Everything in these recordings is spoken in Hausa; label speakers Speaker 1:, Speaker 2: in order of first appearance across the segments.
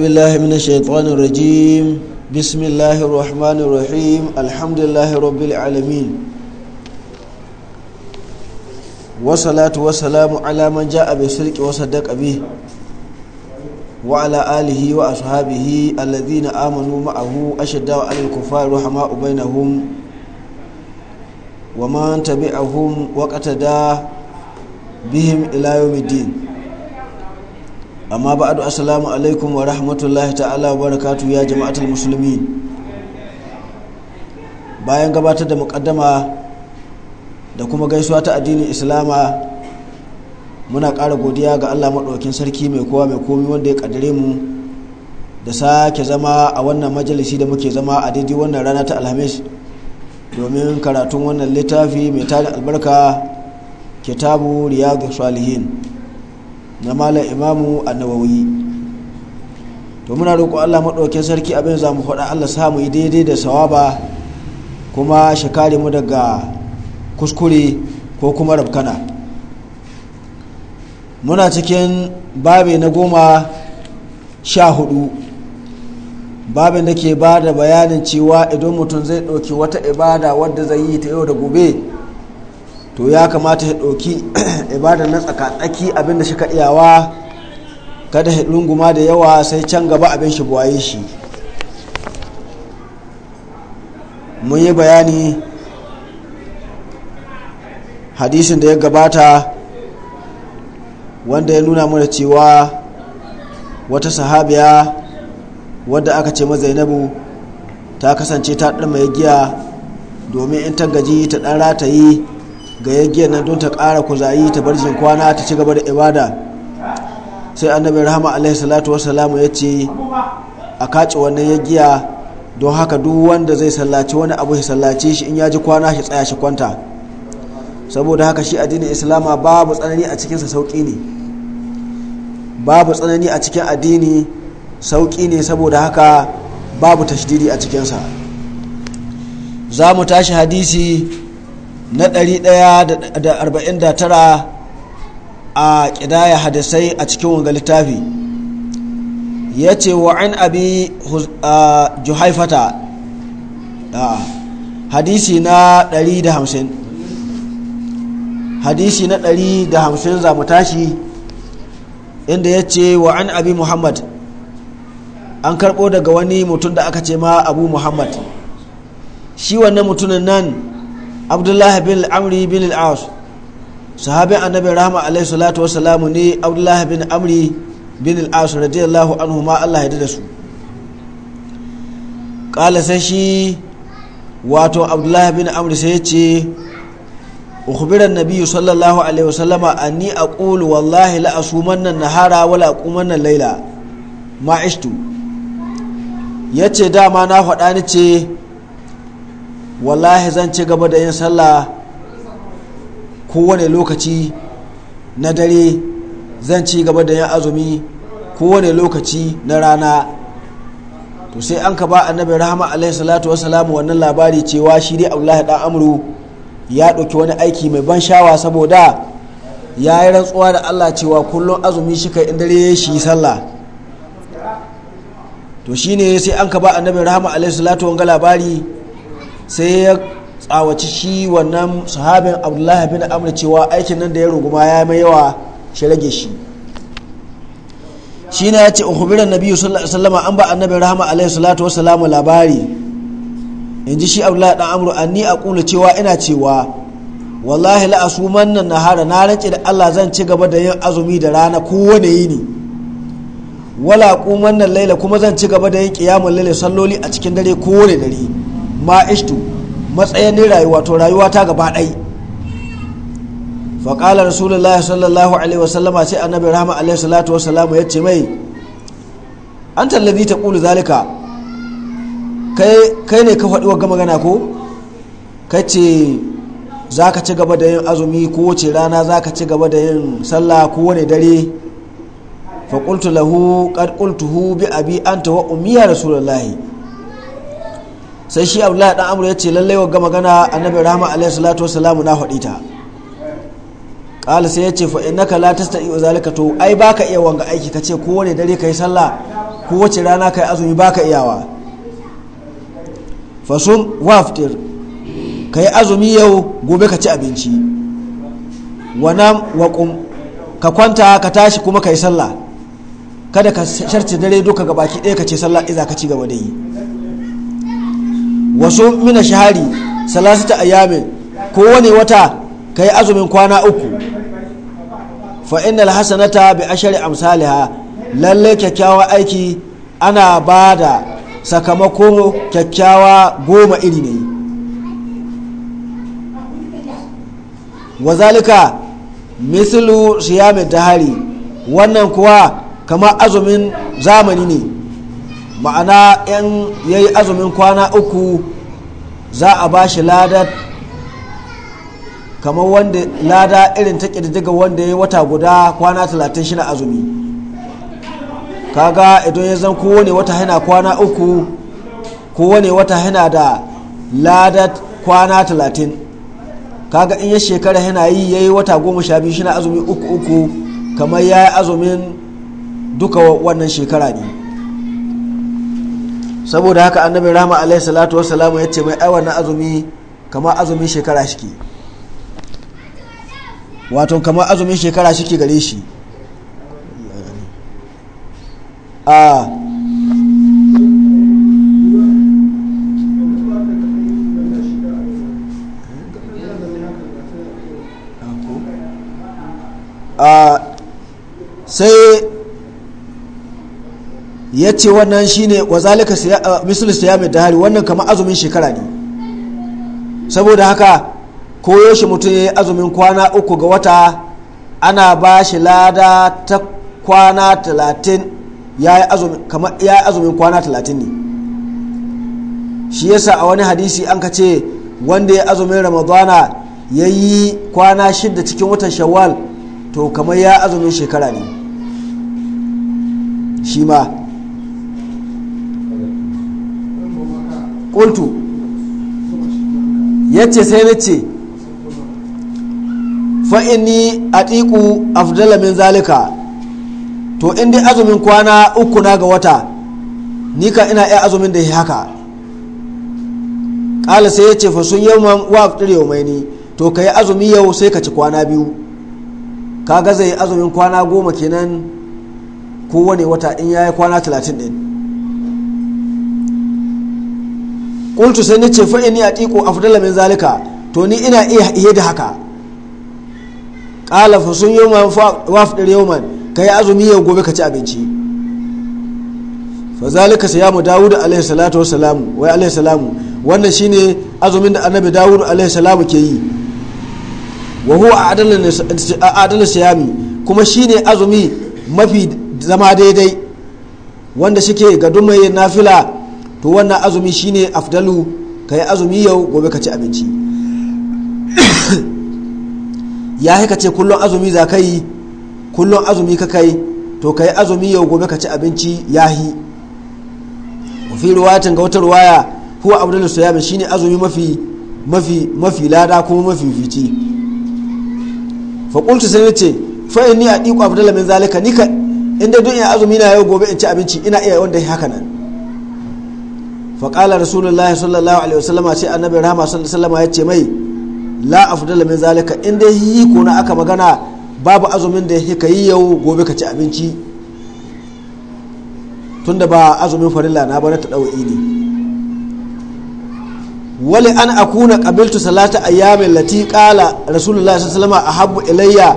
Speaker 1: بالله من الشيطان الرجيم بسم الله الرحمن الرحيم الحمد لله رب العالمين والصلاة والسلام على من جاء بالصدق وصدق به وعلى آله وأصحابه الذين آمنوا معه أشد على الكفار رحماء بينهم ومن تبعهم وقتدى بهم إلى يوم الدين amma adu asalamu alaikum wa rahmatullahi ta'ala wa barakatu ya jama'atul musulmi bayan gabatar da mukaddama da kuma gaisuwa ta addinin islama muna ƙara godiya ga allah maɗaukin sarki mai kowa mai komi wanda ya ƙaddare mu da sake zama a wannan majalisi da muke zama a daidai wannan rana ta alhamis domin karatun wannan littafi mai tarin albarka kitabu riyadu salihin na malam imamu annawawi to muna roƙo Allah maɗaukin sarki abin za mu faɗa Allah samu yi daidai da sawaba kuma shi mu daga kuskure ko kuma rabkana muna cikin babi na goma sha hudu babin da ke ba da bayanin cewa idan mutum zai ɗauki wata ibada wadda zai yi ta yau da gobe to ya kamata ya ɗauki ibada na tsakatsaki abinda da ka iyawa kada ya runguma da yawa sai can gaba abin shi buwaye shi mun yi bayani hadisin da ya gabata wanda ya nuna mana cewa wata sahabiya wadda aka ce mazainabu ta kasance ta ɗan mai giya domin in ta gaji ta ɗan yi ga yaggiyar nan don ta ƙara kuzari ta bar jin kwana ta ci gaba da ibada sai annabi rahama alaihi salatu wassalamu ya ce a kaci wannan yaggiya don haka duk wanda zai sallaci wani abu ya sallace shi in ya ji kwana shi tsaya shi kwanta saboda haka shi addinin islama babu tsanani a cikinsa sauƙi ne babu tsanani a cikin addini sauƙi ne saboda haka babu tashdidi a cikinsa za mu tashi hadisi na 149 a ƙidaya hadisai a cikin wanga littafi ya ce wa an abi juhaifata hadisi na 150 hadisi na 150 za mu tashi inda ya ce wa an abi muhammad an karɓo daga wani mutum da aka ce ma abu muhammad shi wannan mutumin nan abdullahi bin amri bin al'as sahabin annabi rahama alaihi salatu wasalamu ne abdullahi bin amri bin al'as radiyallahu anhu ma Allah ya da su kala sai shi wato abdullahi bin amri sai ce أخبر النبي صلى الله عليه وسلم أني أقول والله لا أصومن النهار ولا أقومن الليل ما عشت yace dama na faɗa ni ce wallahi zan ci gaba da yin sallah kowane lokaci na dare zan ci gaba da yin azumi kowane lokaci na rana to sai an ka ba annabi rahama alaihi salatu wasalamu wannan labari cewa shi dai abdullahi dan amru ya ɗauki wani aiki mai ban shawa saboda ya yi rantsuwa da allah cewa kullum azumi shi kai in dare shi sallah to shine sai an ka ba annabi rahama alaihi salatu wanga labari sai ya tsawaci shi wannan sahabin abdullahi bin amur cewa aikin nan da ya ruguma ya mai yawa shi rage shi shi na ya ce uhubiran nabi sallallahu an ba annabi rahama alaihi salatu salamu labari in ji shi abdullahi dan ni a kula cewa ina cewa wallahi la asuman na nahara na rance da Allah zan ci gaba da yin azumi da rana kowane yini wala ku mannan laila kuma zan ci gaba da yin kiyamun laila salloli a cikin dare kowane dare ishtu matsayin rayuwa to rayuwa ta gaba ɗai faƙalar rasulullah sallallahu alaihi wasallama sai annabi rahama alaihi salatu wasalamu ya ce mai an tallabi ta ƙulu zalika kai ne ka faɗi wa magana ko ka ce za ka ci gaba da yin azumi ko wace rana za ka ci gaba da yin sallah ko wani dare faƙultu lahu hu bi abi an wa umiya rasulullahi sai shi abdullahi dan amur ya ce lallai wa gama gana annabi rahama alaihi salatu wasalamu na faɗi ta ƙala sai ya ce fa innaka la tastati zalika to ai baka iya wanga aiki kace kowane dare kai sallah ko wace rana kai azumi baka iyawa fasum waftir kai azumi yau gobe ka ci abinci wanam wa ka kwanta ka tashi kuma kai sallah kada ka sharci dare duka ga baki ɗaya ka ce sallah iza ka ci gaba da yi wasu mina shahari salasita ayyamin kowane wata ka yi azumin kwana uku fa'inal innal hasanata bi ashari amsaliha lalle kyakkyawa aiki ana ba da sakamako kyakkyawa goma iri ne wazalika mislu siyami dahari wannan kuwa kama azumin zamani ne ma'ana yan ya yi azumin kwana uku za a ba shi ladar kamar wanda lada irin ta ƙididdiga wanda ya yi wata guda kwana talatin shi na azumi kaga idan ya zan kowane wata yana kwana uku kowane wata yana da ladar kwana talatin kaga in ya shekara hina yi ya yi wata goma sha biyu shi na azumi uku uku kamar ya yi azumin duka wannan shekara ne saboda haka annabi rama alaihi salatu wassalamu ya ce mai aiwa na azumi kamar azumin shekara ke wato kamar azumin shekara ke gare shi a sai ya ce wannan shine wazalika zalika uh, mislu da dahari wannan kama azumin shekara ne saboda haka koyo shi mutum ya yi azumin kwana uku ga wata ana ba shi lada ta kwana talatin ya yi azumin kwana talatin ne shi yasa a wani hadisi an ka ce wanda ya azumin ramadana ya yi kwana shidda cikin watan shawwal to kamar ya azumin shekara ne shi ma ya ce sai na ce fa'ini a atiqu min zalika to in dai azumin kwana uku na ga wata ni ka ina ya azumin da ya haka ƙala sai ya ce fa sun yamma wa mai ni to ka yi azumi yau sai ka ci kwana biyu ka gaza zai azumin kwana goma kenan kowane wata in ya yi kwana talatin ɗin. kultu sai nace fa inni atiqu afdala min zalika to ni ina iya iya da haka qala fa sun yawman wa yau yawman kai azumi yau gobe ka ci abinci fa zalika siyamu daud alaihi salatu wassalam wa alaihi salam wannan shine azumin da annabi daud alaihi salamu ke yi wa huwa adala siyami kuma shine azumi mafi zama daidai wanda shike ga dumai nafila to wannan azumi shine afdalu ka yi azumi yau gobe ka ci abinci ya haika ce kullum azumi za ka yi kullum azumi ka kai to ka yi azumi yau gobe ka ci abinci ya hi fi ruwayatin ga wata ruwaya huwa abdul suyami shine azumi mafi mafi mafi lada kuma mafi fici sai qultu ce fa'in ni a ɗiƙo abdul min zalika nika inda duk in azumi na yau gobe in ci abinci ina iya wanda haka nan faƙala rasulullahi sallallahu alaihi wasallam sai annabi rahama sallallahu alaihi ya ce mai la afdala min zalika in dai yi na aka magana babu azumin da yake yi yau gobe ka ci abinci tunda ba azumin farilla na bane ta ɗau'i ne wali an akuna qabiltu salata ayyamin lati qala rasulullahi sallallahu alaihi wasallam ahabbu ilayya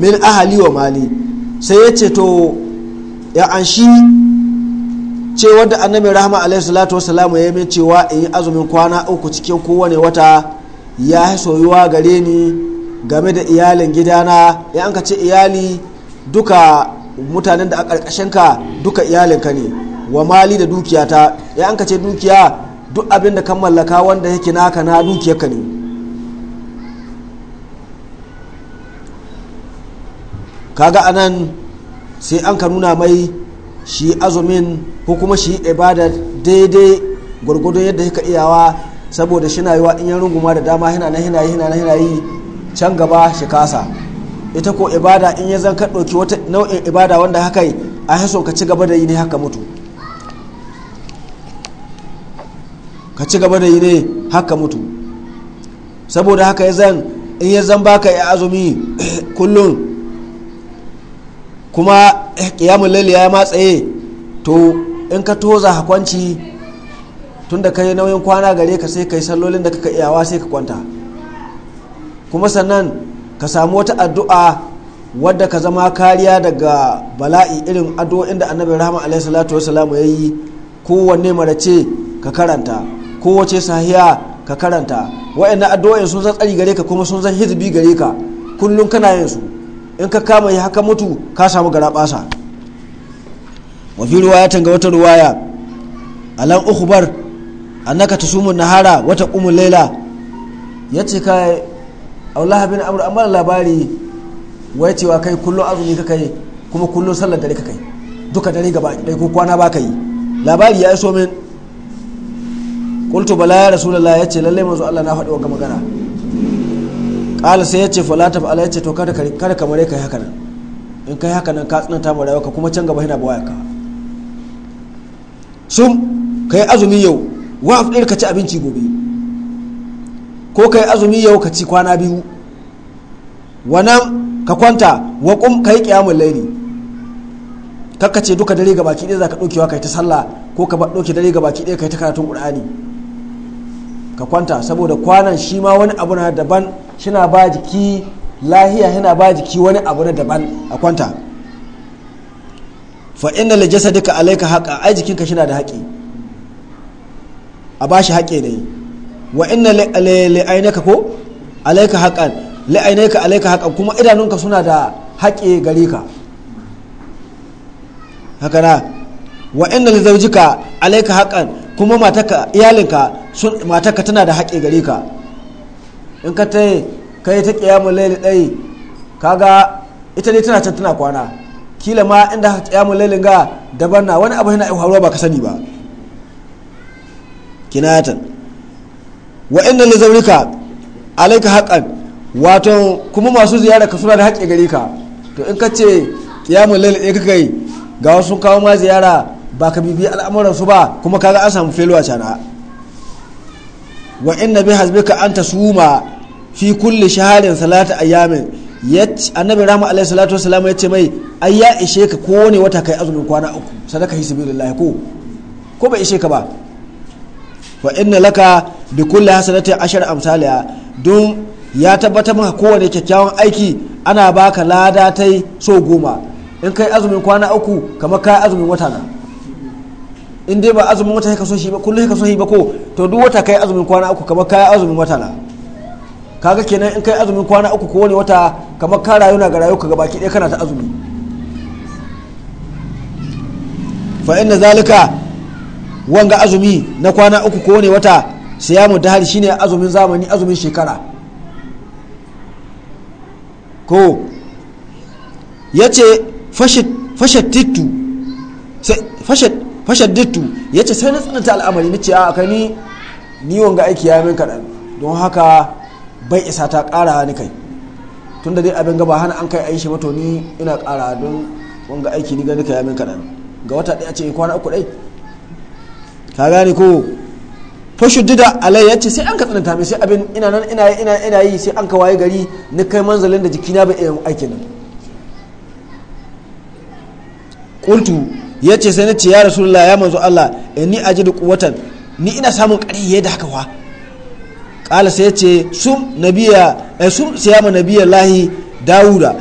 Speaker 1: min ahali wa mali sai ya ce to ya an ce wadda annabi rahama alaihi salatu ya yi cewa in yi azumin kwana uku cikin kowane wata ya yi soyuwa gare ni game da iyalin gidana ya an ka ce iyali duka mutanen da a ƙarƙashin ka duka iyalinka ne wa mali da dukiyata ya an ka ce dukiya duk abin da kan mallaka wanda yake naka na dukiya ka ne kaga anan sai an ka nuna mai shi azumin ko kuma shi ibada daidai gwargwado yadda yaka iyawa saboda shi na yiwa in yan runguma da dama hina na hina hina na hina yi can gaba shi kasa ita ko ibada in ya zan ka ɗauki wata nau'in ibada wanda haka yi a haso ka ci gaba da yi ne haka mutu ka ci gaba da yi ne haka mutu saboda haka ya zan in ya zan baka ya azumi kullum kuma kiyamun eh, laili ya matsaye to in ka toza hakwanci tun da ka yi nauyin kwana gare ka sai ka yi sallolin da kaka iyawa sai ka kwanta kuma sannan ka samu wata addu'a wadda ka zama kariya daga bala'i irin addu'o'in da annabi rahama alaihi salatu salamu ya yi kowanne marace ka karanta kowace sahiya ka karanta wa'annan addu'o'in sun zan tsari gare ka kuma sun zan hizbi gare ka kullum kana yin su in ka kama ya haka mutu ka samu gara basa wafi ruwaya tanga wata ruwaya alan naka annaka sumun nahara wata umun laila ce ka Allah bin Amr amma labari wai cewa kai kullum azumi ka kai kuma kullum sallar dare ka kai duka dare gaba dai ko kwana ba ka yi labari ya iso min kultu bala ya rasulullah ce lallai manzo Allah na faɗi wa magana ƙala sai ya ce falata fa'ala ya ce to kada kada kamar kai haka nan in kai haka nan ka tsananta ma rayuwarka kuma can gaba yana bawaya ka sum kai azumi yau wa afdir ka ci abinci gobe ko kai azumi yau ka ci kwana biyu wannan ka kwanta wa kum kai qiyamul layli kakkace duka dare ga baki ɗaya zaka dokewa kai ta sallah ko ka ɗauke dare ga baki ɗaya kai ta karatun qur'ani ka kwanta saboda kwanan shi ma wani abu na daban shina ba jiki lahiya yana ba jiki wani abu na daban a kwanta fa da li duka alaika haƙa ai jikinka shina da haƙi a bashi haƙe ne wa ina la'ainaka ko alaika haqan la'ainaka alaika alayka kuma idanunka suna da haƙe gare ka haka na wa ina da zaujika alaika haƙan. kuma mataka iyalinka sun mataka tana da haƙe gare ka in ka ta kai ta kiyamu laili ɗai kaga ita ne tana can tana kwana kila ma inda haka kiyamu lailin ga daban na wani abu yana haruwa ba ka sani ba kinayatan wa inna zauri ka alaika haƙan wato kuma masu ziyara ka suna da haƙe gare ka to in ka ce kiyamu laili ɗai kaka ga wasu kawo ma ziyara ba ka bibi al'amuran su ba kuma kaga an samu failure cana wa inna bi hasbika ta suma fi kulli shaharin salata ayyamin yace annabi rahma alaihi salatu wassalam yace mai ai ya ishe ka kowane wata kai azumin kwana uku sadaka hisabilillah ko ko bai ishe ka ba wa inna laka bi kulli hasanatin ashar amsalha don ya tabbatar maka kowane kyakkyawan aiki ana baka lada tai so goma in kai azumin kwana uku kamar kai azumin wata na in dai ba azumin wata ka so shi ba kullum ka so shi ba ko to duk wata kai azumin kwana uku kamar kai azumin wata na kaga kenan in kai azumin kwana uku ko wani wata kamar ka rayu na ga rayu ka baki ɗaya kana ta azumi fa inna zalika wanga azumi na kwana uku ko wani wata siyamu dahar shine azumin zamani azumin shekara ko yace fashat fashat tittu fashat fashaddatu ya ce sai na tsananta al'amari na ce a aka ni ni wanga aiki ya min kaɗan don haka bai isa ta ƙara ni kai tun da dai abin gaba hana an kai aishi shi mato ni ina ƙara don wanga aiki ni gani ka ya min kaɗan ga wata ɗaya ce eh, kwana uku ɗai ka gane ko fashuddida alai ya ce sai an ka tsananta mai sai abin ina nan ina ina ina yi sai an ka waye gari ni kai manzalin da jikina bai iya aikin nan qultu ya ce sai na ce ya rasulullah ya manzo Allah ni da quwwatan ni ina samun ƙari yayin da haka wa? ƙala sai ya ce sun nabiya eh sun siyama nabiya lahi dawuda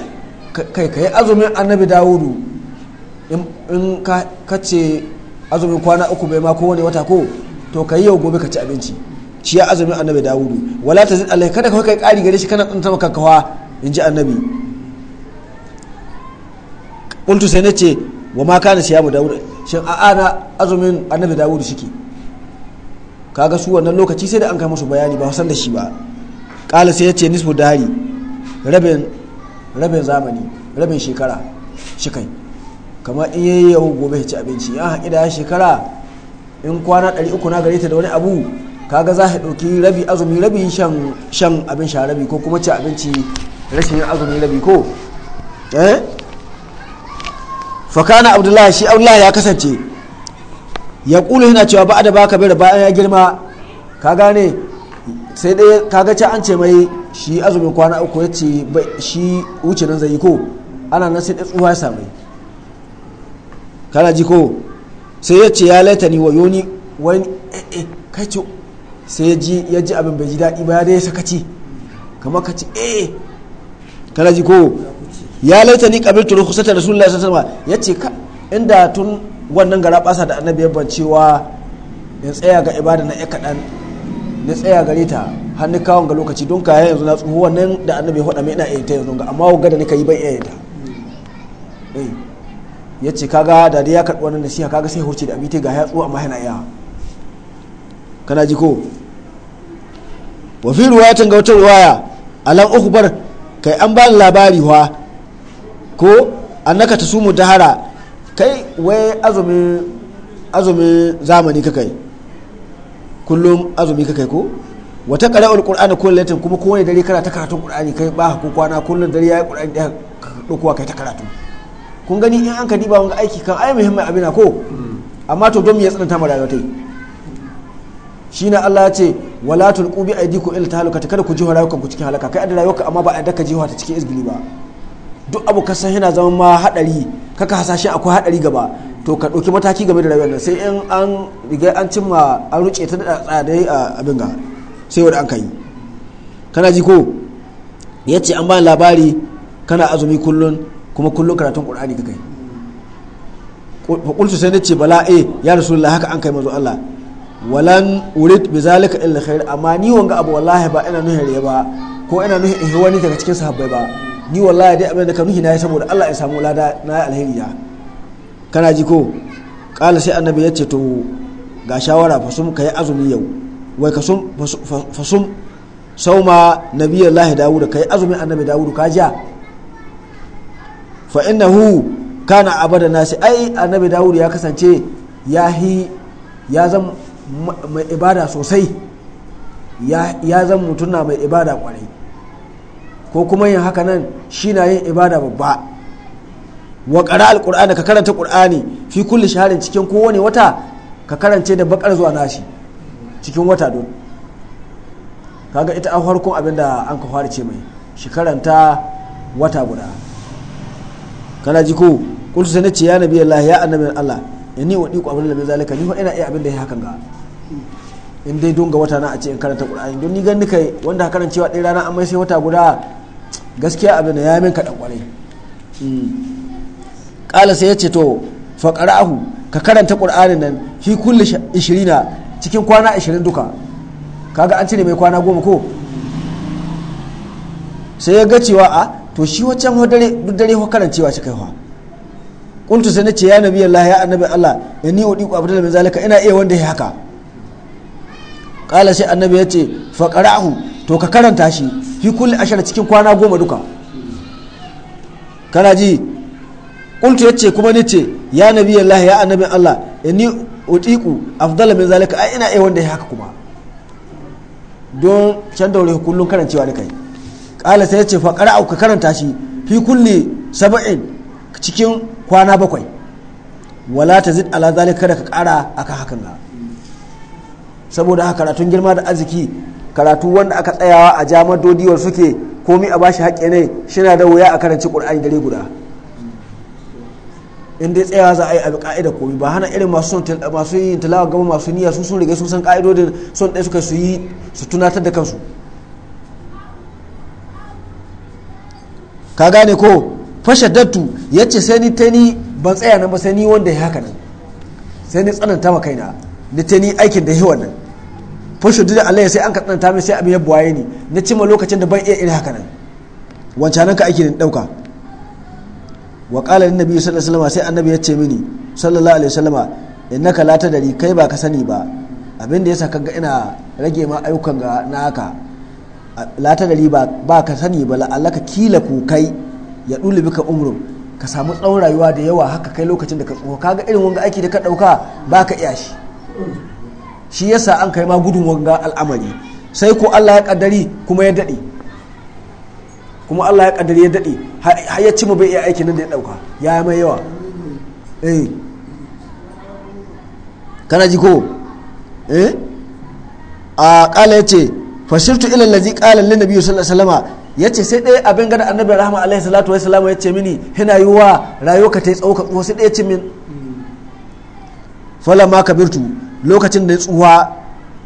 Speaker 1: kai kai azumin annabi dawudu in ka ce azumin kwana uku bai ma kowane wata ko to kai yau gobe ka ci abinci shi ya azumin annabi dawudu wala ta zin alai kada kawai kai ƙari gare shi kana tsunta maka kawa in ji annabi kuntu sai na ce wa ma kana siyamu dawud shin a ana azumin annabi dawud shike kaga su wannan lokaci sai da an kai musu bayani ba san da shi ba kala sai yace nisbu dari rabin rabin zamani rabin shekara shikai kamar in yayi yau gobe ci abinci ya haƙi da shekara in kwana 300 na gare ta da wani abu kaga za ka ɗauki rabi azumi rabi shan abin sha rabi ko kuma ci abinci rashin azumi rabi ko eh fakana abdullahi shi abdullahi ya kasance ya kulu yana cewa ba da baka bira bayan ya girma ka gane sai dai kaga can an ce mai shi azumin kwana uku ya ce shi wuce nan zai yi ko ana nan sai dai tsuwa ya same kana ji ko sai ya ce ya laita ni wa yoni wani e'e eh kai sai ya ji abin bai ji daɗi ba ya dai sakaci kamar ka ce kana ji ko ya laita ni kabiltu rukhsata rasulullahi sallallahu alaihi wasallam yace ka inda tun wannan gara basa da annabi ya cewa in tsaya ga ibada na ya kadan na tsaya gare ta ni kawon ga lokaci don kaya yanzu na tsoho wannan da annabi ya faɗa mai ina yi ta yanzu amma wagga da nika yi ban iya ta eh, ya ce kaga da dai ya karɓi wannan nasiha kaga sai hoce da abita ga ya tsoho amma yana iya kana ji ko wa fi ruwayatin ga wata ruwaya alan ukhbar kai an ba labari wa ko annaka ta sumu dahara kai wai azumin azumin zamani kakai kullum azumi kakai ko wata kare alkur'ani ko latin kuma kowane dare kana ta karatun qur'ani kai ba ko kwana kullum dare yayi qur'ani da dokuwa kai ta karatu kun gani in an ka diba wanga aiki kan ai muhimmin abin ko amma to don me ya tsananta ma rayuwa tai shine Allah ya ce wala tulqu bi aydikum ila halukata kada ku ji rayuwar ku cikin halaka kai da rayuwar amma ba a daka jiwa ta cikin izgili ba duk abu ka san yana zama ma hadari kaka hasashen akwai hadari gaba to ka ɗauki mataki game da rayuwar nan sai in an riga an cimma an ruce ta da tsadai a abin ga sai wanda an kai kana ji ko ya ce an ba labari kana azumi kullun kuma kullun karatun qur'ani ka kai fakultu sai nace bala eh ya rasulullah haka an kai manzo Allah walan urid bi zalika illa khair amma ni wanga abu wallahi ba ina nuhi ba ko ina nuhi wani daga cikin sahabbai ba ni wallahi dai abinda da ka nuhi na ya saboda Allah ya samu lada na alheri ya kana ji ko kala sai annabi ya ce to ga shawara fa ka yi azumi yau wai ka sum fasum sauma nabiyar Allah dawud ka yi annabi dawud ka ja fa innahu kana abada nasi ai annabi dawud ya kasance ya hi ya zan mai ibada sosai ya zan mutuna mai ibada kwarai ko kuma yin haka nan shi na yin ibada babba wa ƙara alƙur'ani ka karanta ƙur'ani fi kulli shaharin cikin kowane wata ka karance da bakar zuwa nashi cikin wata don kaga ita an farkon abin da an ka fara ce mai shi karanta wata guda kana ji ko kulsu sai nace ya nabi Allah ya annabi Allah inni wa ku abin da zalika ni fa ina iya abin da ya hakan ga in dai don ga wata na a ce in karanta qur'ani don ni gani kai wanda karancewa ɗaya rana amma sai wata guda gaskiya abin da ya min kaɗan ƙwarai ƙala sai ya ce to ahu ka karanta ƙur'anin nan fi kulli ishirina cikin kwana ishirin duka kaga an cire mai kwana goma ko sai ya ga cewa a to shi waccan duk dare ho karancewa cikai wa kuntu sai ce ya nabi Allah ya annabi Allah inni udiku abdul min zalika ina iya wanda ya haka ƙala sai annabi ya ce ahu to ka karanta shi fi kulli ashara cikin kwana goma duka kana ji ya ce kuma nice ya nabi Allah ya annabi Allah inni utiku afdala min zalika ai ina ai wanda ya haka kuma don can daure kullun karancewa da kai kala sai ce fa qara'u ka karanta shi fi kulli sab'in cikin kwana bakwai wala tazid ala zalika kada ka kara akan hakan saboda haka karatun girma da arziki karatu wanda aka tsayawa a jamar dodiyar suke komi a bashi haƙƙi ne shi na da wuya a karanci ƙur'ani dare guda in dai tsayawa za a yi abu ka'ida komi ba hana irin masu yin talawa gama masu niyya su sun rige sun san ka'idodin son ɗaya suka su yi su tunatar da kansu ka gane ko fashe dattu ya ce sai ni ta ni ban tsaya nan ba sai ni wanda ya haka nan sai ni tsananta ma kaina ni ta ni aikin da yi wannan fashu Allah ya sai an ka tsananta mai sai abin ya buwaye ni na cima lokacin da ban iya irin haka nan nan ka ake dauka wa qala lin nabi sallallahu alaihi wasallam sai annabi ya ce mini sallallahu alaihi wasallam innaka la tadari kai ba ka sani ba abin da yasa ga ina rage ma ayyukan ga naka la tadari ba ba ka sani ba la'allaka kila ku kai ya dulu bika umru ka samu tsawon rayuwa da yawa haka kai lokacin da ka tsoka kaga irin wanga aiki da ka dauka ba ka iya shi shi yasa an kai ma gudun wanga al'amari sai ko Allah ya kaddari kuma ya dade kuma Allah ya kaddari ya dade har ya ci mu bai iya aikin nan da ya dauka ya mai yawa eh kana ji ko eh a kala yace fashirtu ila allazi qala lin nabiy sallallahu alaihi wasallam yace sai dai abin gada annabi rahama alaihi salatu ya yace mini hina yuwa rayuwa ka ta tsauka ko sai dai yace min falama ma kabirtu lokacin da ya tsuwa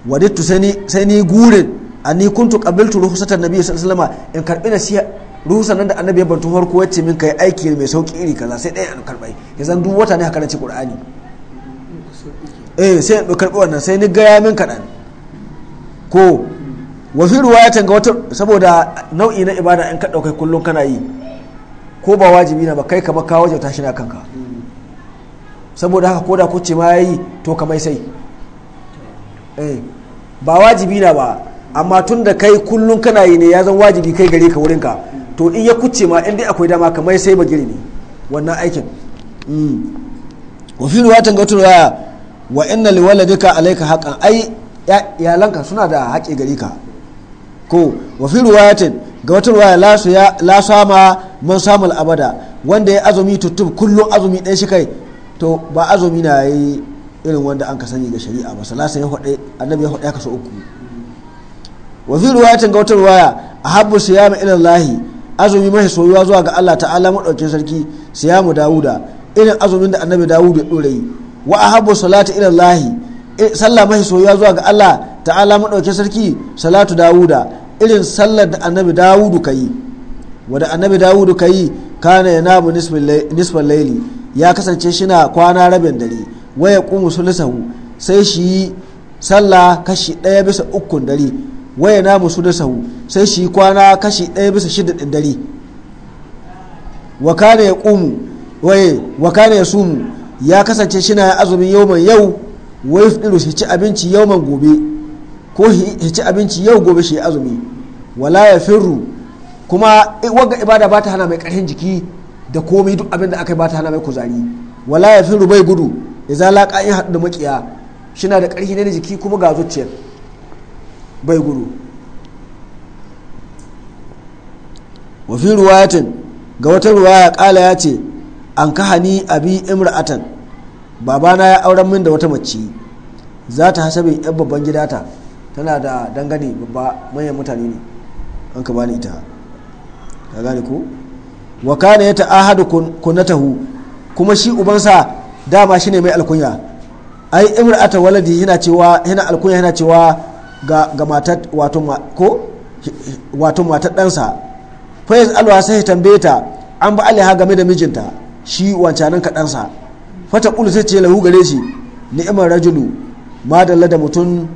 Speaker 1: wadittu sai ni gurin a ni kuntu kabiltu ruhusatar nabi sallallahu alaihi wasallam in karbi nasiha ruhsan nan da annabi ya bantu farko wacce min kai aiki mai sauki iri kaza sai dai an karbai ya zan duk wata ne haka ci qur'ani eh sai in karbi wannan sai ni gaya min kadan ko wa fi riwayatan ga wata saboda nau'i na ibada in ka daukai kullun kana yi ko ba wajibi na ba kai ka ba kawo jauta shi na kanka saboda haka ko da kuce ma yayi to kamai sai Eh, ba wajibi na ba amma tun da kai kullum kana yi ne ya zan wajibi kai gare ka wurin ka to in ya kuce ma in akwai dama kamar sai ba gire ne wannan aikin mm. wafi fi ga ga turwaya wa inna duka alaika haƙan ai iyalanka suna da haƙe gare ka ko wa fi ga wata ruwaya la ma man samun abada wanda ya azumi tutub kullum azumi ɗaya shi kai to ba azumi na yi irin wanda an ka sani ga shari'a ba salasa ya faɗe annabi ya faɗe haka sau uku wa fi riwayatin ga wata a ahabbu siyama ila Allah azumi mai soyuwa zuwa ga Allah ta'ala madaukin sarki siyamu dawuda. irin azumin da annabi dawuda ya dore yi wa ahabbu salatu ila Allah sallah mai soyuwa zuwa ga Allah ta'ala madaukin sarki salatu Dawuda. irin sallar da annabi dawudu ka yi wadda annabi dawudu ka yi kana ya namu nisfin laili ya kasance shi na kwana rabin dare waya qumu sulusahu sai shi yi sallah kashi ɗaya bisa ukun dare waya na musu sahu sai shi kwana kashi ɗaya bisa shida ɗin dare wakana ya ƙumu waye wakana ya sumu ya kasance shi na azumin mai yau wai fiɗiru shi ci abinci yauman gobe ko shi ci abinci yau gobe shi azumi wala ya firru kuma wanga ibada ba ta hana mai ƙarfin jiki da komai duk abin da aka yi ba ta hana mai kuzari wala ya firru bai gudu ya zala ƙa'in haɗu da maƙiya na da ƙarfi ne da jiki kuma ga zuciyar bai guru wafi ruwayatin ga wata ruwaya ƙala ya ce an kahani abi imra'atan babana ya auren min da wata mace za ta hasabe yan babban ta tana da dangane babba manyan mutane ne an ka bani ita ka gane ko wa kana ya ta'ahadu kunnatahu kuma shi ubansa dama shine mai alkunya ai imra'ata waladi yana cewa yana alkunya yana cewa ga ga matar wato ko wato matar ɗansa fa alwa sai ya tambaye ta an ba alaiha game da mijinta shi wancanan kaɗansa ta kulu sai ce lahu gare shi ni'imar rajulu madalla da mutum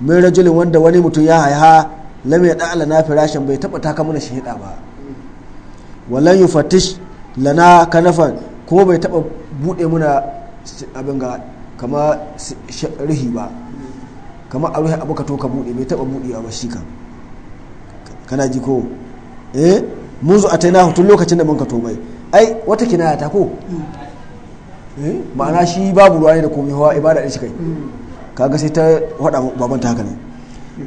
Speaker 1: mai rajulin wanda wani mutum ya haiha lam ya da'ala na firashin bai taɓa taka mana shida ba walan yufatish lana kanafan ko bai taɓa bude muna abin ga kama rihi ba kama a ruhi abu ka to ka buɗe bai taɓa buɗewa ba shi kan kana ji ko eh mun zo a ta hutun lokacin da mun ka to bai ai wata kinaya ta ko eh? ma'ana shi babu ruwa ne da komai hawa ibada da shi kai kaga sai ta faɗa baban ta haka ne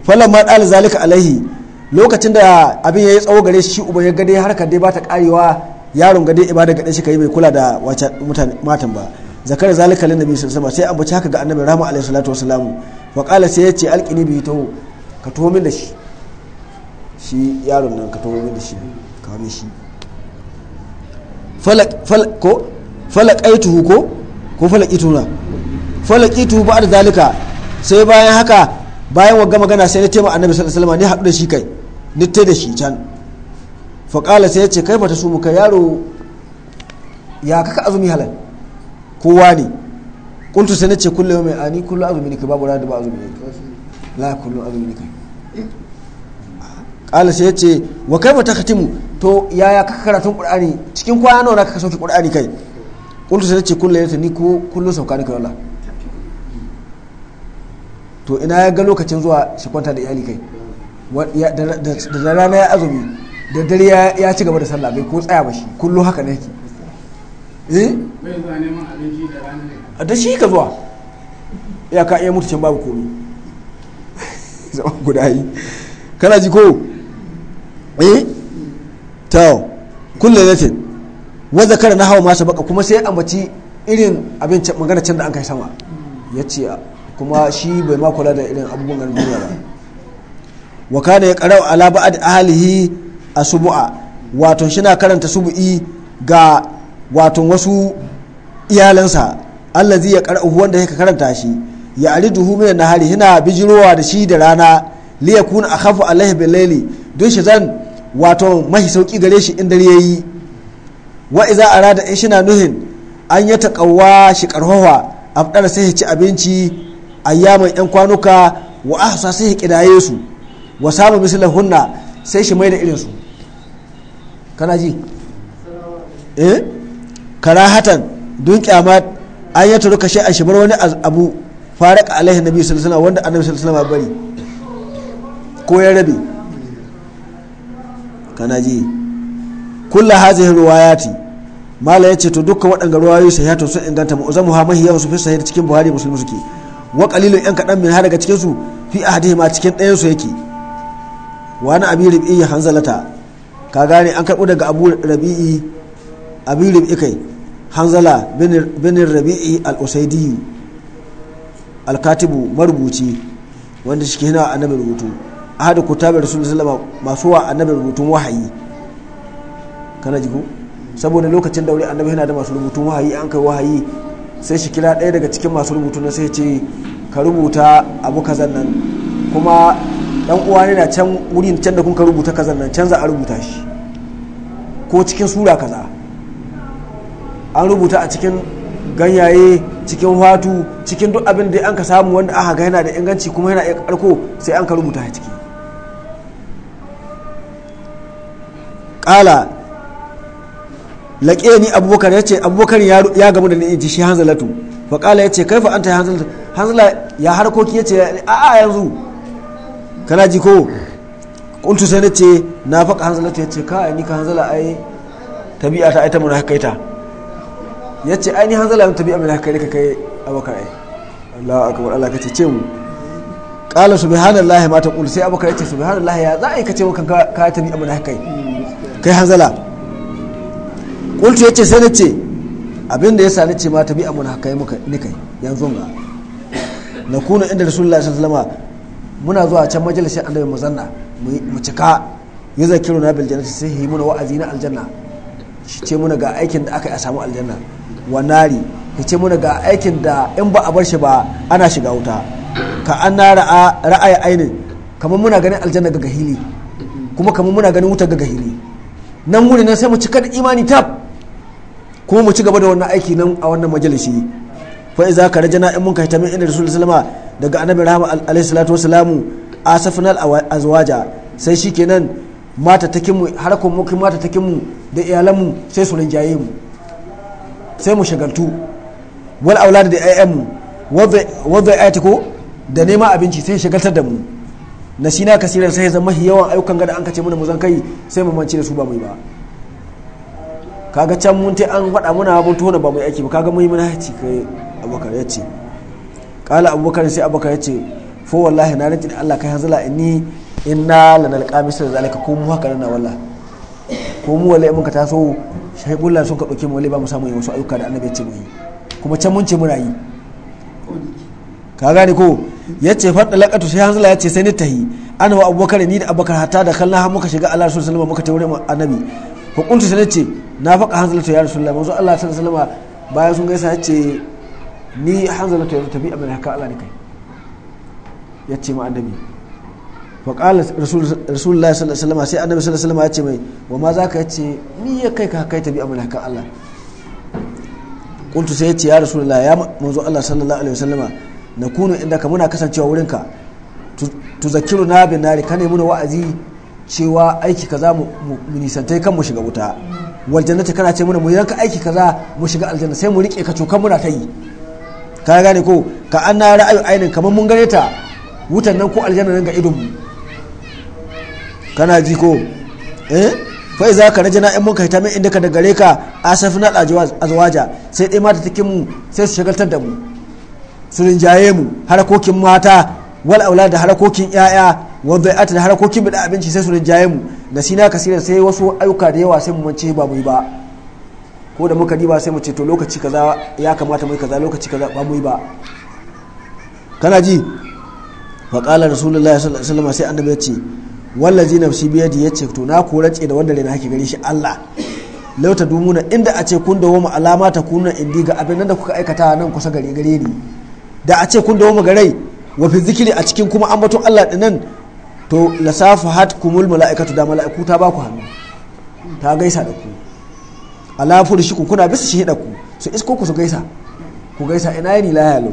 Speaker 1: fallan ma ɗal zalika alaihi lokacin da abin ya yi tsawo gare shi uban ya gade harkar dai ba ta karewa yaron gade ibada gade shi kai bai kula da mutane matan ba zakar zalika lin nabi sallallahu alaihi wasallam sai ambaci haka ga annabi rahma alaihi salatu wasallam wa qala sai yace alqini bi to ka tuho min da shi shi yaron nan ka tuho min da shi ka wani shi falak falak ko falaqaituhu ko ko falaqituna falaqituhu ba'da zalika sai bayan haka bayan wagga magana sai na tema annabi sallallahu alaihi wasallam ne haɗu da shi kai ni da shi can faƙala sai ya ce kai mata su muka yaro ya kaka azumi halal kowa ne kuntu sai na ce kullum mai ani kullum azumi ne ka babu ranar da ba azumi ne la kullum azumi ne ka ƙala sai ya ce wa kai mata katimu to yaya kaka karatun qur'ani cikin kwaya nawa kaka sauke qur'ani kai kuntu sai na ce kullum ya ni ko kullum sauka ne kai wala to ina ya ga lokacin zuwa shi kwanta da iyali kai da rana ya azumi da dare ya ci gaba da sallah bai ko tsaya ba shi kullum haka ne yake eh da shi ka zuwa ya ka iya mutu can babu komi zama guda yi kana ji ko eh ta kullum ce wa zakara na hawa masa baka kuma sai ambaci irin abin magana can da an kai sama ya ce kuma shi bai ma kula da irin abubuwan ganin duniya ba wa kana ya qara'u ala ba'd ahlihi asubua subu'a wato shina karanta subu'i ga wato wasu iyalansa allah zai ya wanda yake karanta shi ya ariduhu min nahari yana bijirowa da shi da rana li a akhafu alaihi bil layli don shi zan wato mahi sauki gare shi in dare yayi wa a arada in shina nuhin an ya taqawwa shi karhowa afdar sai ya ci abinci ayyaman yan kwanuka wa ahsa sai ya kidaye su wa samu mislahunna sai shi mai da irin su kana ji eh karahatan dun kyama an yi turuka shay'an shi bar wani abu faraka alaihi nabi sallallahu alaihi wanda annabi sallallahu alaihi bari ko ya rabe kana ji kullu hadhihi riwayati mala yace to dukkan waɗanda ruwayoyi to sun inganta mu mu'azamu ha mahiya su fi sahih cikin buhari muslim suke wa qalilun yan kadan min har daga cikin su fi ma cikin ɗayan su yake wa na abi rabi'i hanzalata ka gane an karɓi daga abu rabi'i abin rabi'i kai hanzala binin rabi'i al alkatibu al-katibu marubuci wanda shi hina annabi rubutu ahadu kutabi da sallallahu masu wa annabi rubutun wahayi kana jiko saboda lokacin daure annabi yana da masu rubutun wahayi an kai wahayi sai shi kira ɗaya daga cikin masu rubutu na sai ce ka rubuta abu kazan nan kuma dan uwa ne na can wurin can da kuka rubuta kaza nan za a rubuta shi ko cikin sura kaza an rubuta a cikin ganyaye cikin hatu cikin duk abin da an ka samu wanda aka ga yana da inganci kuma yana iya sai an ka rubuta a ciki ƙala laƙe ni abubakar ya ce abubakar ya gamu da ni in ji shi hanzalatu fa kala ya ce kai fa an ta hanzalatu hanzala ya harkoki ya ce a a yanzu kana ji ko kuntu sai na ce na faka hanzala ta ce ka ni ka hanzala ai tabi'a ta aita mun haka ya ce ai ni hanzala mun tabi'a mun haka ka kai abokan ai Allahu akbar Allah ka ce mu qala subhanallahi ma taqul sai abokan ya ce subhanallahi ya za a yi ka ce mun ka tabi'a mun haka kai hanzala kuntu ya ce sai na ce abinda ya sani ce ma tabi'a mun haka muka ni kai yanzu ga na kuna inda rasulullahi sallallahu alaihi wasallam muna zuwa can majalisar annabi muzanna mu cika ya zakiru na bil jannati sai yi muna wa'azi na aljanna shi ce muna ga aikin da aka yi a samu aljanna wa nari ya ce muna ga aikin da in ba a bar shi ba ana shiga wuta ka an na ra'ayi ainin kamar muna ganin aljanna ga gahili kuma kamar muna ganin wuta ga gahili nan wuri nan sai mu cika da imani tab kuma mu ci gaba da wannan aiki nan a wannan majalisi fa iza karajna in mun ka ta min inda rasulullahi sallama daga annabi rahama alaihi salatu wasalamu asafnal azwaja sai shikenan mata take mu kun mu mata take mu da iyalanmu sai su rinjaye mu sai mu shagaltu wal aulad da ayyan mu wadda ayati ko da neman abinci sai shagaltar da mu na shi na kasiran sai zama yawan ayyukan gada an kace mana mu zan kai sai mu mance da su ba mu ba kaga can mun an faɗa muna abun tona ba mu aiki ba kaga muhimmanci kai abubakar ya ce kala abubakar sai abubakar ya ce fo wallahi na rantsi da Allah kai ni in na lanar kamisar da zalika ko mu haka na walla. ko mu wallahi mun ka taso shaibullah sun ka dauke mu wallahi ba mu samu wasu ayyuka da annabi ya ce mu yi kuma can mun ce muna yi ka gane ko ya ce fadda laƙatu sai hanzula ya ce sai ni tahi ana wa abubakar ni da abubakar hatta da kallon har muka shiga allah sallallahu alaihi muka ta wurin annabi hukuntu sai ce na faka hanzula to ya rasulullah manzo allah sallallahu alaihi bayan sun gaisa ya ce ni hanzala ta yanzu tabi abin haka Allah ne kai ya ce ma annabi fa qala rasulullahi sallallahu alaihi wasallam sai annabi sallallahu alaihi wasallam ya ce mai wa ma zaka yace ni ya kai ka kai tabi abin haka Allah kuntu sai ya ce ya rasulullahi ya manzo Allah sallallahu alaihi kunu inda ka muna kasancewa wurinka tuzakiru na nari kane muna wa'azi cewa aiki kaza mu nisantai kan mu shiga wuta wal jannati kana ce muna mu yanka aiki kaza mu shiga aljanna sai mu rike ka kan muna ta yi ka gane ko ka an na ra'ayi ainin kamar mun gane ta wutan nan ko aljanna nan ga idon mu kana ji ko eh fai za ka rajana in muka hita min inda ka daga gare ka asafina azwaja sai dai mata take mu sai su shagaltar da mu su rinjaye mu harakokin mata wal aula da harakokin yaya wanda ata da harakokin bida abinci sai su rinjaye mu sina kasiran sai wasu ayyuka da yawa sai mu mance ba mu yi ba ko da muka diba sai mu ce to lokaci kaza ya kamata mu yi kaza lokaci kaza ba mu yi ba kana ji fa qala rasulullahi sallallahu alaihi wasallam sai annabi ya ce wallazi nafsi bi yadi ce to na ko rantse da wanda rena hake gare shi Allah lauta dumuna inda a ce kun dawo mu alama ta kunna indi ga abin nan da kuka aikata nan kusa gare gare ni da a ce kun dawo mu garai wa fi zikiri a cikin kuma ambaton Allah dinan to lasafahat kumul malaikatu da malaikuta ba ku hannu ta gaisa da ku ala shi kuna bisa shi ku su isko ku su gaisa ku gaisa ina yani la yalu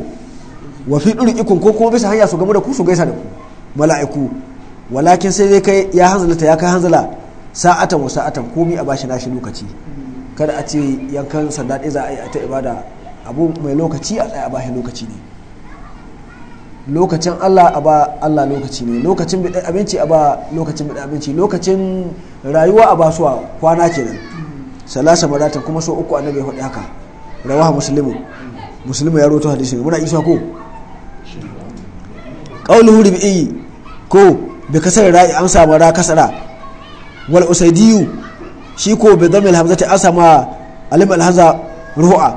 Speaker 1: wa fi ikon ko kuma bisa hanya su gamu da ku su gaisa da ku mala'iku walakin sai dai kai ya ta ya kai hanzala sa'atan wa sa'atan komi a bashi nashi lokaci kada a ce yankan sanda ɗaya za a yi a ta ibada abu mai lokaci a tsaya a bashi lokaci ne lokacin Allah a ba Allah lokaci ne lokacin abinci a ba lokacin abinci lokacin rayuwa a su kwana kenan salasa ta kuma so uku annabi ya faɗi haka rawaha muslimu muslimu ya rawaito hadisin muna isa ko qawluhu rubi'i ko bi kasar ra'i an samu ra kasara wal usaidiyu shi ko bi dhamil hamzati an samu alim al ruwa ru'a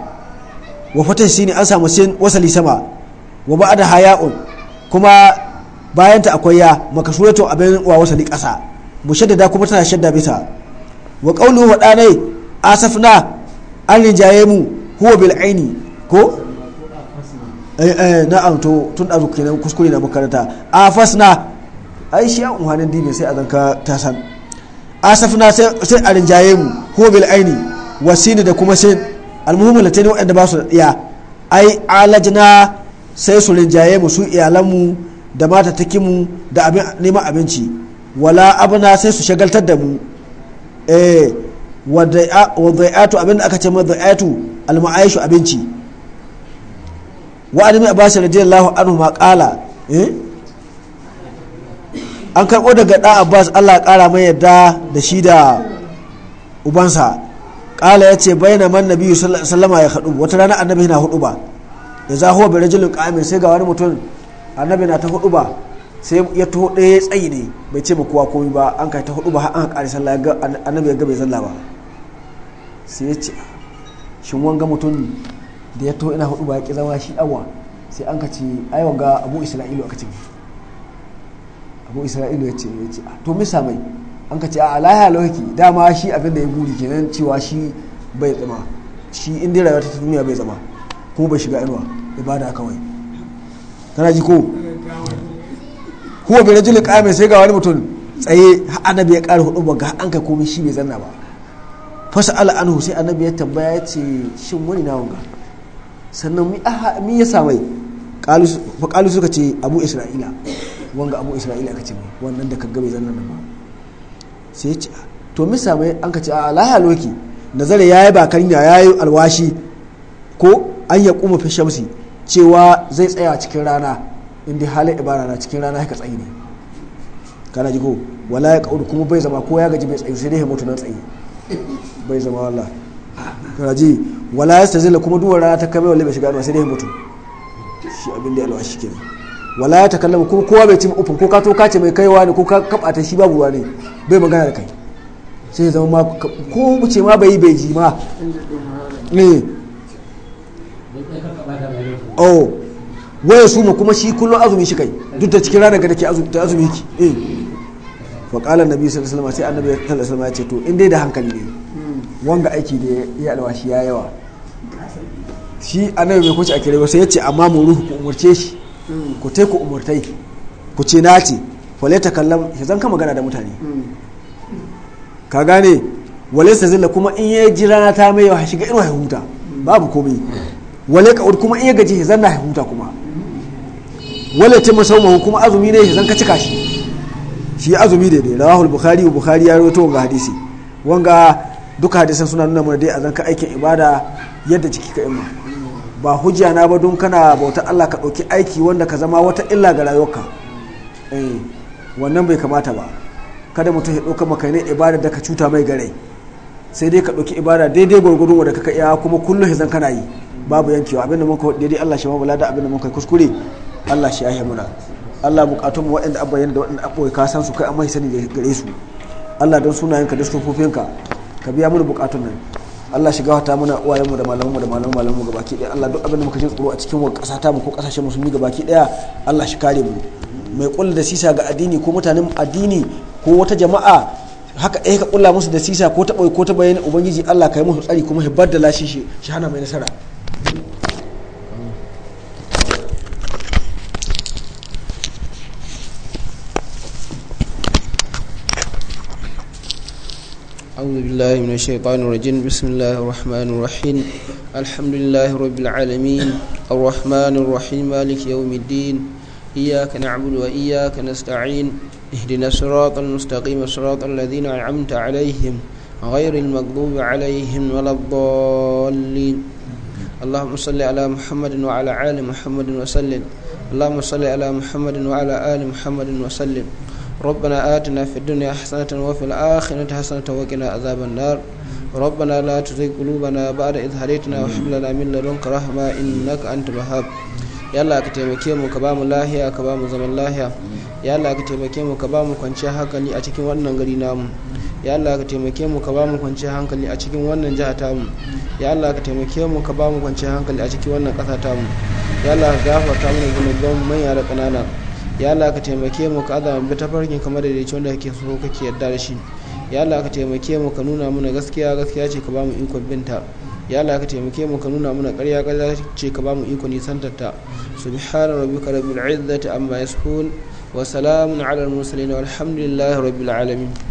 Speaker 1: wa fatah sini an samu sin wasali sama wa ba'da haya'un kuma bayan ta akwai ya makasuratu abin wa wasali kasa mushaddada kuma tana shadda bisa wa qawluhu wa danai asafna an rinjaye mu huwa bil aini ko eh, eh, na'am to tun da kenan kuskure na makaranta afasna ai shi an uhanin dini sai a zanka ta san asafna sai a rinjaye mu huwa bil aini wasini da kuma sin almuhimmin latini waɗanda ba su da iya ai alajna sai su rinjaye mu su iyalanmu da mata mu da neman abinci wala abuna sai su shagaltar da mu eh wadda'atu abinda aka ce ma dai'atu al abinci wa mai ibn da radiyallahu anhu ma kala eh? an karbo daga ɗan abbas Allah ƙara mai yadda da shi da ubansa ce bai na manna biyu sallama ya haɗu wata rana annabi na hudu ba da za huwa bi rajulin qa'imin sai ga wani mutum annabi na ta hudu ba sai ya taho ɗaya tsayi ne bai ce ma kowa komai ba an kai ta hudu ba har an ƙari sallah annabi ya ga bai sallah ba sai ya ce shin wanga mutum da ya to ina hudu ba ya ki zama shi awa sai an ka ce ai wanga abu isra'ilu aka ce abu isra'ilu ya ce ya ce ah, to misa mai an ka ce a ah, alaya lauki dama shi abin da ya buri kenan cewa shi bai zama shi inda rayuwa ta duniya bai zama ko bai shiga inuwa ibada kawai tana ji ko huwa bai liƙa mai sai ga wani mutum tsaye annabi ya ƙara hudu ba ga an ka komai shi bai zanna ba fasa'ala anhu sai annabi ya tambaya ya ce shin wani na wanga sannan mi ya samai kalu suka ce abu isra'ila wanga abu isra'ila aka ce mai wannan da kaggabe zan nan ba sai ya ce to mi samai an ka ce a lahiya loki nazare ya yi bakar na ya yi alwashi ko an ya kuma fi shamsi cewa zai tsaya cikin rana inda halin ibara na cikin rana haka tsaye ne kana ji ko wala ya kaudu kuma bai zama ko ya gaji bai tsaye sai dai ya mutu nan tsaye. bai zama wala raji wala ya stazila kuma duwar rana ta kame wale bai shiga sai dai mutu shi abin da shi kenan wala ya takallama kuma kowa bai ci ufin ko ka to ka ce mai kaiwa ne ko ka kabata shi babu ruwa ne bai magana da kai sai ya zama ma ko mu ce ma bai yi bai ji ma ne eh. oh waya su mu kuma shi kullum azumi shi kai duk da cikin ranar ga dake azumi ta azumi yake eh fa annabi sallallahu alaihi wasallam sai annabi sallallahu alaihi wasallam ya ce to in dai da hankali ne wanga aiki da ya alwashi ya yawa shi annabi bai kwace a kire sai ya ce amma mu ruhu ku umarce shi ku te ku umartai ku ce na ce wale ta kallon shi zan ka magana da mutane ka gane wale sa zilla kuma in ya ji rana ta mai yawa shiga irin haihuta babu komai wale ka kuma in ya gaji shi zan na haihuta kuma wale ta musamman kuma azumi ne shi zan ka cika shi shi azumi da ne rawahul bukhari bukhari ya rawaito wanga hadisi wanga duka hadisan suna nuna mana dai a zanka aikin ibada yadda ciki ka ima ba hujja na ba don kana bautar Allah ka ɗauki aiki wanda ka zama wata illa ga rayuwarka eh wannan bai kamata ba kada mutum ya ɗauka maka ne ibada da ka cuta mai gare sai dai ka ɗauki ibada daidai gwargwado wanda kaka iya kuma kullum hizan kana yi babu yankewa abinda mun kai daidai Allah shi mabula da abinda mun kai kuskure Allah shi yahe muna Allah bukatun mu waɗanda abba yana da waɗanda abba ka san su kai amma sani gare su Allah don sunayenka da sufofinka ka biya mu bukatun nan Allah shiga wata muna uwayenmu da malamanmu da malaman malamanmu gabaki daya Allah duk abin da muka ji tsoro a cikin wa kasata mu ko sun musulmi gabaki daya Allah shi kare mu mai kula da sisa ga addini ko mutanen addini ko wata jama'a haka ɗaya ka kula musu da sisa ko ta ko ta bayan ubangiji Allah ka yi musu tsari kuma hibbar da lashe shi shi hana mai nasara
Speaker 2: أعوذ بالله من الشيطان الرجيم بسم الله الرحمن الرحيم الحمد لله رب العالمين الرحمن الرحيم مالك يوم الدين إياك نعبد وإياك نستعين اهدنا الصراط المستقيم صراط الذين أنعمت عليهم غير المغضوب عليهم ولا الضالين اللهم صل على محمد وعلى آل محمد وسلم اللهم صل على محمد وعلى آل محمد وسلم ربنا آتنا في الدنيا حسنة وفي الآخرة حسنة وقنا عذاب النار ربنا لا تزغ قلوبنا بعد إذ هديتنا وهب لنا من لدنك رحمة إنك أنت الوهاب ya Allah ka taimake mu ka bamu lahiya ka bamu zaman lahiya yalla ka taimake mu ka bamu kwanciyar hankali a cikin wannan gari namu yalla ka taimake mu ka bamu kwanciyar hankali a cikin wannan jiha tamu yalla ka taimake mu ka bamu kwanciyar hankali a cikin wannan ƙasa tamu yalla Allah ka gafarta mana gunubanmu manya da ƙanana ya Allah ka taimake mu ka azama bi farkin kamar da dace wanda kake so kake yarda da shi ya Allah ka taimake mu ka nuna mana gaskiya gaskiya ce ka ba mu ikon binta ya Allah ka taimake mu ka nuna mana ƙarya ƙarya ce ka ba mu ikon nisantar ta subhana rabbika rabbil izzati amma yasifun wa salamun ala al mursalin walhamdulillahi rabbil alamin